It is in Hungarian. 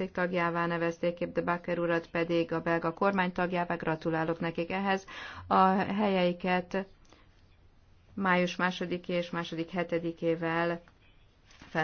cég tagjává nevezték, Épp de Bakker urat pedig a belga kormány tagjává. Gratulálok nekik ehhez. A helyeiket május második és második hetedikével